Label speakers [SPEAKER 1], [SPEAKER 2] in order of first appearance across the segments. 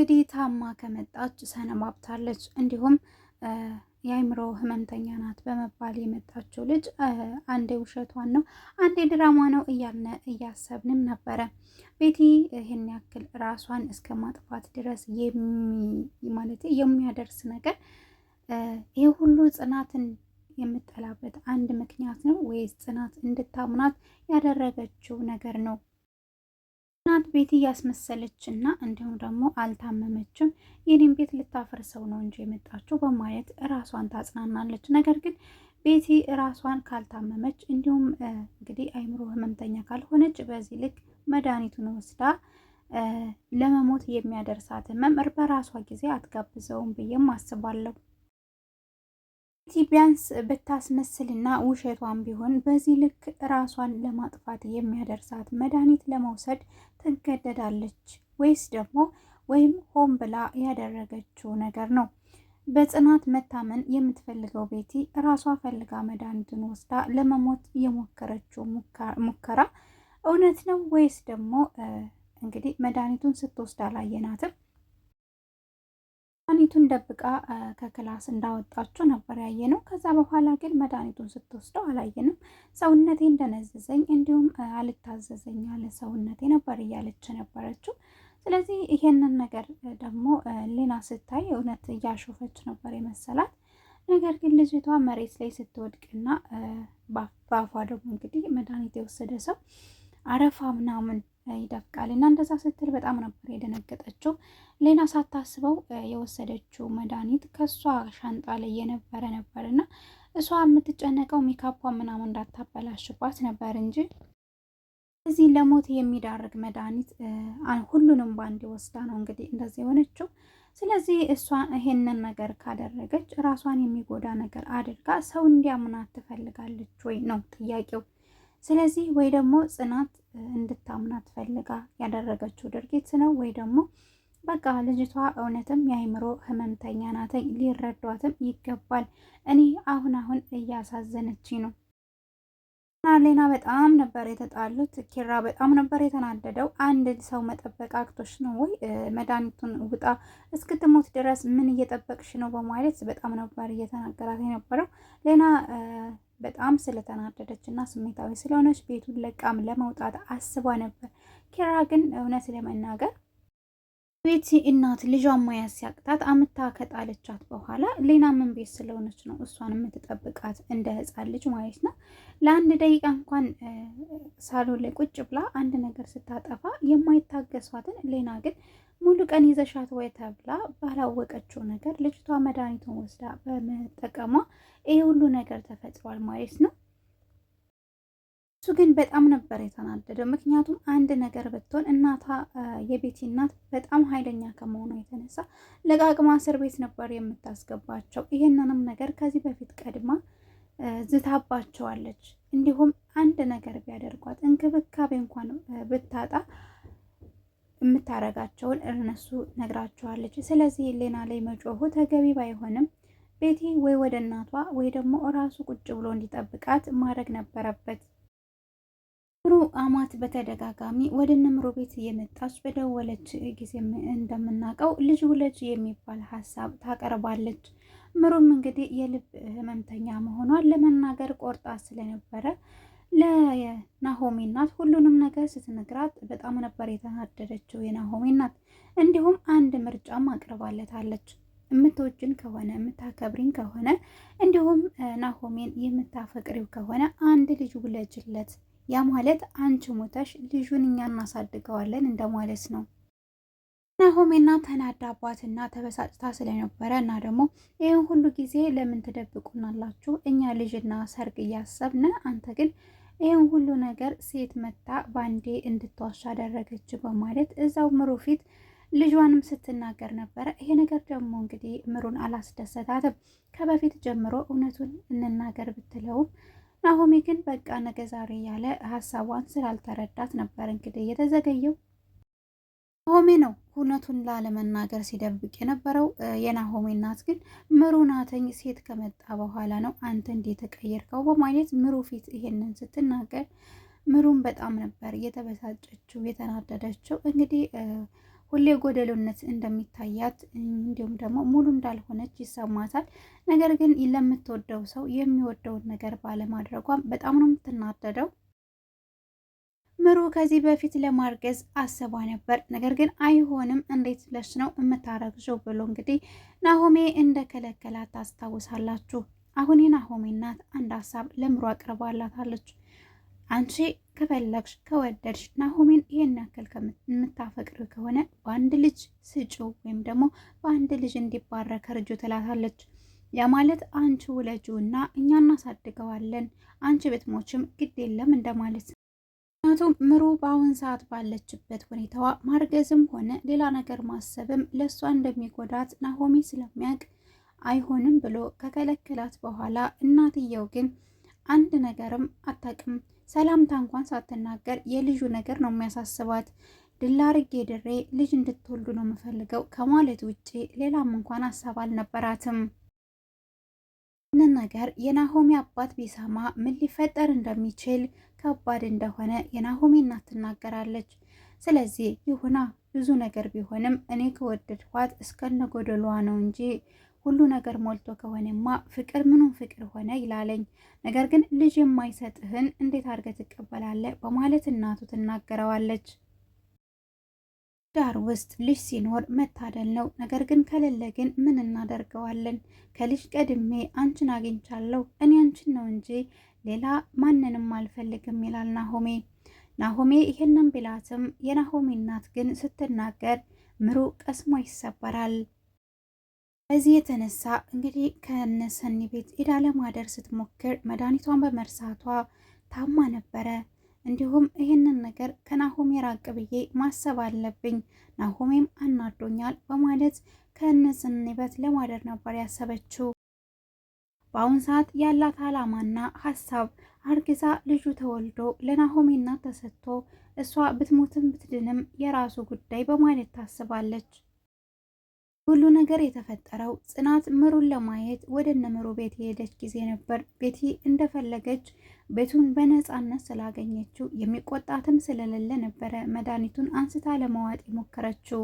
[SPEAKER 1] እንግዲህ ታማ ከመጣች ሰነባብታለች። እንዲሁም የአይምሮ ህመምተኛ ናት በመባል የመጣችው ልጅ አንዴ ውሸቷን ነው አንዴ ድራማ ነው እያልነ እያሰብንም ነበረ። ቤቲ ይህን ያክል ራሷን እስከ ማጥፋት ድረስ ማለት የሚያደርስ ነገር ይህ ሁሉ ጽናትን የምጠላበት አንድ ምክንያት ነው ወይስ ጽናት እንድታምናት ያደረገችው ነገር ነው እናት ቤት እያስመሰለች እና እንዲሁም ደግሞ አልታመመችም፣ ይህንን ቤት ልታፈርሰው ነው እንጂ የመጣችው በማየት ራሷን ታጽናናለች። ነገር ግን ቤቲ ራሷን ካልታመመች እንዲሁም እንግዲህ አይምሮ ህመምተኛ ካልሆነች በዚህ ልክ መድኃኒቱን ወስዳ ለመሞት የሚያደርሳት ህመም በራሷ ጊዜ አትጋብዘውም ብዬም አስባለሁ። ቤቲ ቢያንስ ብታስመስልና ውሸቷን ቢሆን በዚህ ልክ ራሷን ለማጥፋት የሚያደርሳት መድኃኒት ለመውሰድ ትገደዳለች ወይስ ደግሞ ወይም ሆን ብላ ያደረገችው ነገር ነው? በጽናት መታመን የምትፈልገው ቤቲ ራሷ ፈልጋ መድኃኒቱን ወስዳ ለመሞት የሞከረችው ሙከራ እውነት ነው ወይስ ደግሞ እንግዲህ መድኃኒቱን ስትወስድ አላየናትም? መድኃኒቱን ደብቃ ከክላስ እንዳወጣችው ነበር ያየ ነው። ከዛ በኋላ ግን መድኃኒቱን ስትወስደው አላየንም። ሰውነቴ እንደነዘዘኝ እንዲሁም አልታዘዘኝ ያለ ሰውነቴ ነበር እያለች ነበረችው። ስለዚህ ይሄንን ነገር ደግሞ ሌና ስታይ እውነት እያሾፈች ነበር የመሰላት። ነገር ግን ልጅቷ መሬት ላይ ስትወድቅና በአፏ ደግሞ እንግዲህ መድኃኒት የወሰደ ሰው አረፋ ምናምን ይደፍቃል እና እንደዛ ስትል በጣም ነበር የደነገጠችው። ሌና ሳታስበው የወሰደችው መድኃኒት ከእሷ ሻንጣ ላይ የነበረ ነበር እና እሷ የምትጨነቀው ሜካፓ ምናምን እንዳታበላሽባት ነበር እንጂ እዚህ ለሞት የሚዳርግ መድኃኒት ሁሉንም በአንድ ወስዳ ነው እንግዲህ እንደዚህ የሆነችው። ስለዚህ እሷ ይሄንን ነገር ካደረገች ራሷን የሚጎዳ ነገር አድርጋ ሰው እንዲያምናት ትፈልጋለች ወይ ነው ጥያቄው። ስለዚህ ወይ ደግሞ ጽናት እንድታምናት ፈልጋ ያደረገችው ድርጊት ነው ወይ ደግሞ በቃ ልጅቷ እውነትም የአይምሮ ህመምተኛ ናተኝ ሊረዷትም ይገባል። እኔ አሁን አሁን እያሳዘነች ነው ሌና በጣም ነበር የተጣሉት። ኪራ በጣም ነበር የተናደደው። አንድ ሰው መጠበቅ አቅቶች ነው ወይ መድኃኒቱን ውጣ እስክትሞት ድረስ ምን እየጠበቅሽ ነው በማለት በጣም ነበር እየተናገራት የነበረው ሌና በጣም ስለተናደደች እና ስሜታዊ ስለሆነች ቤቱን ለቃም ለመውጣት አስባ ነበር። ኪራ ግን እውነት ለመናገር ቤት እናት ልጇን ማያዝ ሲያቅታት አምታ ከጣለቻት በኋላ ሌና ምን ቤት ስለሆነች ነው እሷን የምትጠብቃት እንደ ህፃን ልጅ ማለት ነው። ለአንድ ደቂቃ እንኳን ሳሎን ላይ ቁጭ ብላ አንድ ነገር ስታጠፋ የማይታገሷትን ሌና ግን ሙሉ ቀን ይዘሻት ወይ ተብላ ባላወቀችው ነገር ልጅቷ መድኃኒቱን ወስዳ በመጠቀሟ ይህ ሁሉ ነገር ተፈጥሯል ማለት ነው። እሱ ግን በጣም ነበር የተናደደው። ምክንያቱም አንድ ነገር ብትሆን እናቷ የቤቲ እናት በጣም ኃይለኛ ከመሆኗ የተነሳ ለቃቅማ እስር ቤት ነበር የምታስገባቸው። ይህንንም ነገር ከዚህ በፊት ቀድማ ዝታባቸዋለች። እንዲሁም አንድ ነገር ቢያደርጓት እንክብካቤ እንኳን ብታጣ የምታረጋቸውን እነሱ ነግራቸዋለች። ስለዚህ ሌና ላይ መጮሁ ተገቢ ባይሆንም ቤቲ ወይ ወደ እናቷ ወይ ደግሞ እራሱ ቁጭ ብሎ እንዲጠብቃት ማድረግ ነበረበት። ምሩ አማት በተደጋጋሚ ወደ ንምሩ ቤት እየመጣች በደወለች ጊዜ እንደምናውቀው ልጅ ውለጅ የሚባል ሀሳብ ታቀርባለች። ምሩም እንግዲህ የልብ ህመምተኛ መሆኗን ለመናገር ቆርጣ ስለነበረ ለናሆሜ እናት ሁሉንም ነገር ስትነግራት በጣም ነበር የተናደደችው የናሆሜ እናት። እንዲሁም አንድ ምርጫም አቅርባለታለች። የምትወጅን ከሆነ የምታከብሪን ከሆነ እንዲሁም ናሆሜን የምታፈቅሪው ከሆነ አንድ ልጅ ውለጅለት። ያ ማለት አንቺ ሞተሽ ልጁን እኛ እናሳድገዋለን እንደማለት ነው። ናሆሜና ተናዳባትና ተበሳጭታ ስለነበረ እና ደግሞ ይህን ሁሉ ጊዜ ለምን ትደብቁናላችሁ? እኛ ልጅና ሰርግ እያሰብን አንተ ግን ይህን ሁሉ ነገር ሴት መታ ባንዴ እንድትዋሻ አደረገች በማለት እዛው ምሩ ፊት ልጇንም ስትናገር ነበረ። ይሄ ነገር ደግሞ እንግዲህ ምሩን አላስደሰታትም። ከበፊት ጀምሮ እውነቱን እንናገር ብትለውም ናሆሜ ግን በቃ ነገ ዛሬ ያለ ሀሳቧን ስላልተረዳት ነበር እንግዲህ የተዘገየው። ሆሜ ነው እውነቱን ላለመናገር ሲደብቅ የነበረው። የናሆሜ እናት ግን ምሩ ናተኝ ሴት ከመጣ በኋላ ነው አንተ እንዴት ተቀየርከው በማለት ምሩ ፊት ይሄንን ስትናገር ምሩም በጣም ነበር የተበሳጨችው የተናደደችው። እንግዲህ ሁሌ ጎደሎነት እንደሚታያት እንዲሁም ደግሞ ሙሉ እንዳልሆነች ይሰማታል። ነገር ግን ለምትወደው ሰው የሚወደውን ነገር ባለማድረጓም በጣም ነው የምትናደደው። ምሩ ከዚህ በፊት ለማርገዝ አስባ ነበር። ነገር ግን አይሆንም እንዴት ብለሽ ነው የምታረግዥው ብሎ እንግዲህ ናሆሜ እንደከለከላት ታስታውሳላችሁ። አሁን የናሆሜ እናት አንድ ሀሳብ ለምሩ አቅርባላታለች። አንቺ ከፈለግሽ ከወደድሽ ናሆሜን ይህን ያክል የምታፈቅሪ ከሆነ በአንድ ልጅ ስጪው ወይም ደግሞ በአንድ ልጅ እንዲባረክ ርጁ ትላታለች። ያ ማለት አንቺ እና እኛ እናሳድገዋለን አንቺ ብትሞችም ግድ የለም እንደማለት ምክንያቱም ምሩ በአሁን ሰዓት ባለችበት ሁኔታዋ ማርገዝም ሆነ ሌላ ነገር ማሰብም ለእሷ እንደሚጎዳት ናሆሚ ስለሚያውቅ አይሆንም ብሎ ከከለከላት በኋላ እናትየው ግን አንድ ነገርም አታውቅም። ሰላምታ እንኳን ሳትናገር የልጁ ነገር ነው የሚያሳስባት። ድላርጌ ድሬ ልጅ እንድትወልዱ ነው የምፈልገው ከማለት ውጭ ሌላም እንኳን ሀሳብ አልነበራትም። ይህንን ነገር የናሆሚ አባት ቢሰማ ምን ሊፈጠር እንደሚችል ከባድ እንደሆነ የናሆሜ እናት ትናገራለች። ስለዚህ ይሁና ብዙ ነገር ቢሆንም እኔ ከወደድኳት እስከነ ጎደሏ ነው እንጂ ሁሉ ነገር ሞልቶ ከሆነማ ፍቅር ምኑን ፍቅር ሆነ ይላለኝ። ነገር ግን ልጅ የማይሰጥህን እንዴት አድርገህ ትቀበላለህ? በማለት እናቱ ትናገረዋለች። ዳር ውስጥ ልጅ ሲኖር መታደል ነው። ነገር ግን ከሌለ ግን ምን እናደርገዋለን? ከልጅ ቀድሜ አንቺን አግኝቻለሁ። እኔ አንቺን ነው እንጂ ሌላ ማንንም አልፈልግም ይላል ናሆሜ። ናሆሜ ይህንን ቢላትም የናሆሜ እናት ግን ስትናገር ምሩ ቀስሟ ይሰበራል። በዚህ የተነሳ እንግዲህ ከነሰኒ ቤት ሄዳ ለማደር ስትሞክር መድኃኒቷን በመርሳቷ ታማ ነበረ። እንዲሁም ይህንን ነገር ከናሆሜ ራቅ ብዬ ማሰብ አለብኝ፣ ናሆሜም አናዶኛል በማለት ከነሰኒ ቤት ለማደር ነበር ያሰበችው። በአሁን ሰዓት ያላት አላማና ሀሳብ አርግዛ ልጁ ተወልዶ ለናሆሜና ተሰጥቶ እሷ ብትሞትም ብትድንም የራሱ ጉዳይ በማለት ታስባለች። ሁሉ ነገር የተፈጠረው ጽናት ምሩን ለማየት ወደ እነ ምሩ ቤት የሄደች ጊዜ ነበር። ቤቲ እንደፈለገች ቤቱን በነፃነት ስላገኘችው የሚቆጣትም ስለሌለ ነበረ መድኃኒቱን አንስታ ለማዋጥ የሞከረችው።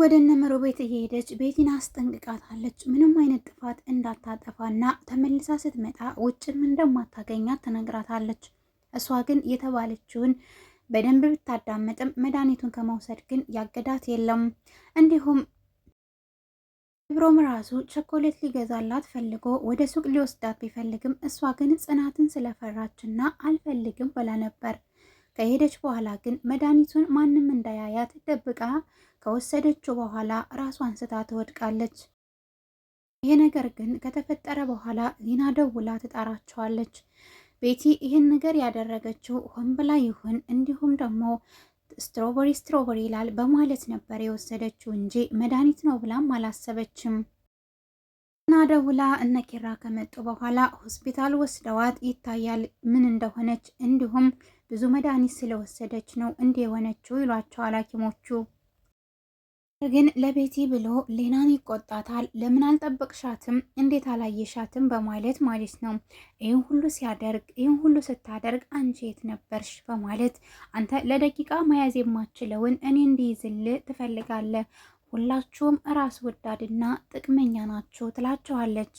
[SPEAKER 1] ወደነ መሮ ቤት እየሄደች ቤቲን አስጠንቅቃታለች። ምንም አይነት ጥፋት እንዳታጠፋና ተመልሳ ስትመጣ ውጭም እንደማታገኛት ትነግራታለች። እሷ ግን የተባለችውን በደንብ ብታዳመጥም መድኃኒቱን ከመውሰድ ግን ያገዳት የለም። እንዲሁም ክብሮም ራሱ ቸኮሌት ሊገዛላት ፈልጎ ወደ ሱቅ ሊወስዳት ቢፈልግም እሷ ግን ጽናትን ስለፈራችና አልፈልግም ብላ ነበር። ከሄደች በኋላ ግን መድኃኒቱን ማንም እንዳያያት ደብቃ ከወሰደችው በኋላ ራሷን ስታ ትወድቃለች። ይህ ነገር ግን ከተፈጠረ በኋላ ሊና ደውላ ትጠራቸዋለች። ቤቲ ይህን ነገር ያደረገችው ሆን ብላ ይሁን እንዲሁም ደግሞ ስትሮበሪ ስትሮበሪ ይላል በማለት ነበር የወሰደችው እንጂ መድኃኒት ነው ብላም አላሰበችም። እና ደውላ እነ ኪራ ከመጡ በኋላ ሆስፒታል ወስደዋት ይታያል ምን እንደሆነች እንዲሁም ብዙ መድኃኒት ስለወሰደች ነው እንዲህ የሆነችው ይሏቸዋል ሐኪሞቹ። ግን ለቤቲ ብሎ ሌናን ይቆጣታል። ለምን አልጠበቅሻትም? እንዴት አላየሻትም? በማለት ማለት ነው። ይህን ሁሉ ሲያደርግ ይህን ሁሉ ስታደርግ አንቺ የት ነበርሽ? በማለት አንተ ለደቂቃ መያዝ የማችለውን እኔ እንዲይዝል ትፈልጋለህ ሁላችሁም ራስ ወዳድና ጥቅመኛ ናችሁ ትላችኋለች።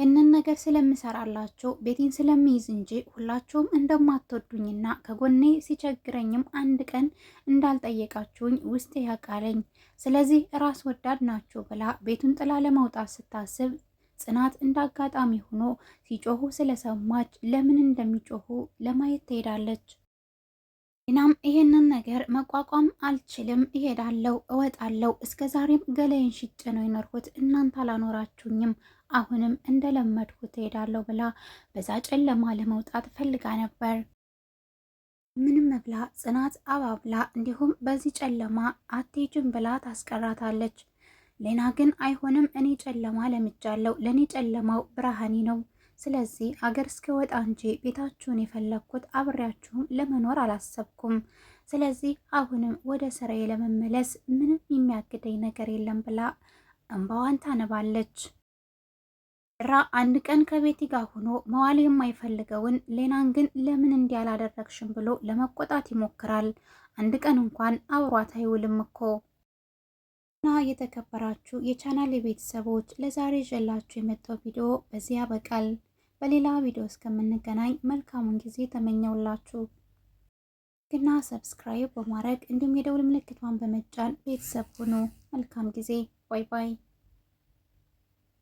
[SPEAKER 1] ይህንን ነገር ስለምሰራላችሁ ቤቴን ስለሚይዝ እንጂ ሁላችሁም እንደማትወዱኝና ከጎኔ ሲቸግረኝም አንድ ቀን እንዳልጠየቃችሁኝ ውስጤ ያውቃለኝ። ስለዚህ ራስ ወዳድ ናችሁ ብላ ቤቱን ጥላ ለመውጣት ስታስብ ጽናት እንዳጋጣሚ ሆኖ ሲጮሁ ስለሰማች ለምን እንደሚጮሁ ለማየት ትሄዳለች። እናም ይሄንን ነገር መቋቋም አልችልም፣ እሄዳለሁ፣ እወጣለሁ። እስከ ዛሬም ገላዬን ሽጬ ነው የኖርኩት፣ እናንተ አላኖራችሁኝም፣ አሁንም እንደለመድኩት እሄዳለሁ ብላ በዛ ጨለማ ለመውጣት ፈልጋ ነበር። ምንም ብላ ጽናት አባብላ እንዲሁም በዚህ ጨለማ አትሄጂም ብላ ታስቀራታለች። ሌና ግን አይሆንም፣ እኔ ጨለማ ለምጃለሁ፣ ለእኔ ጨለማው ብርሃኔ ነው ስለዚህ አገር ወጣ እንጂ ቤታችሁን የፈለግኩት አብሬያችሁም ለመኖር አላሰብኩም። ስለዚህ አሁንም ወደ ስራዬ ለመመለስ ምንም የሚያግደኝ ነገር የለም ብላ እምባዋን ታነባለች። ራ አንድ ቀን ከቤቲ ጋር ሆኖ መዋል የማይፈልገውን ሌናን ግን ለምን እንዲህ አላደረግሽም ብሎ ለመቆጣት ይሞክራል። አንድ ቀን እንኳን አብሯት አይውልም እኮ እና የተከበራችሁ የቻናል ቤተሰቦች ለዛሬ ይዤላችሁ የመጣው ቪዲዮ በዚህ ያበቃል። በሌላ ቪዲዮ እስከምንገናኝ መልካሙን ጊዜ ተመኘውላችሁ። ግና ሰብስክራይብ በማድረግ እንዲሁም የደውል ምልክቷን በመጫን ቤተሰብ ሁኑ። መልካም ጊዜ። ባይ ባይ።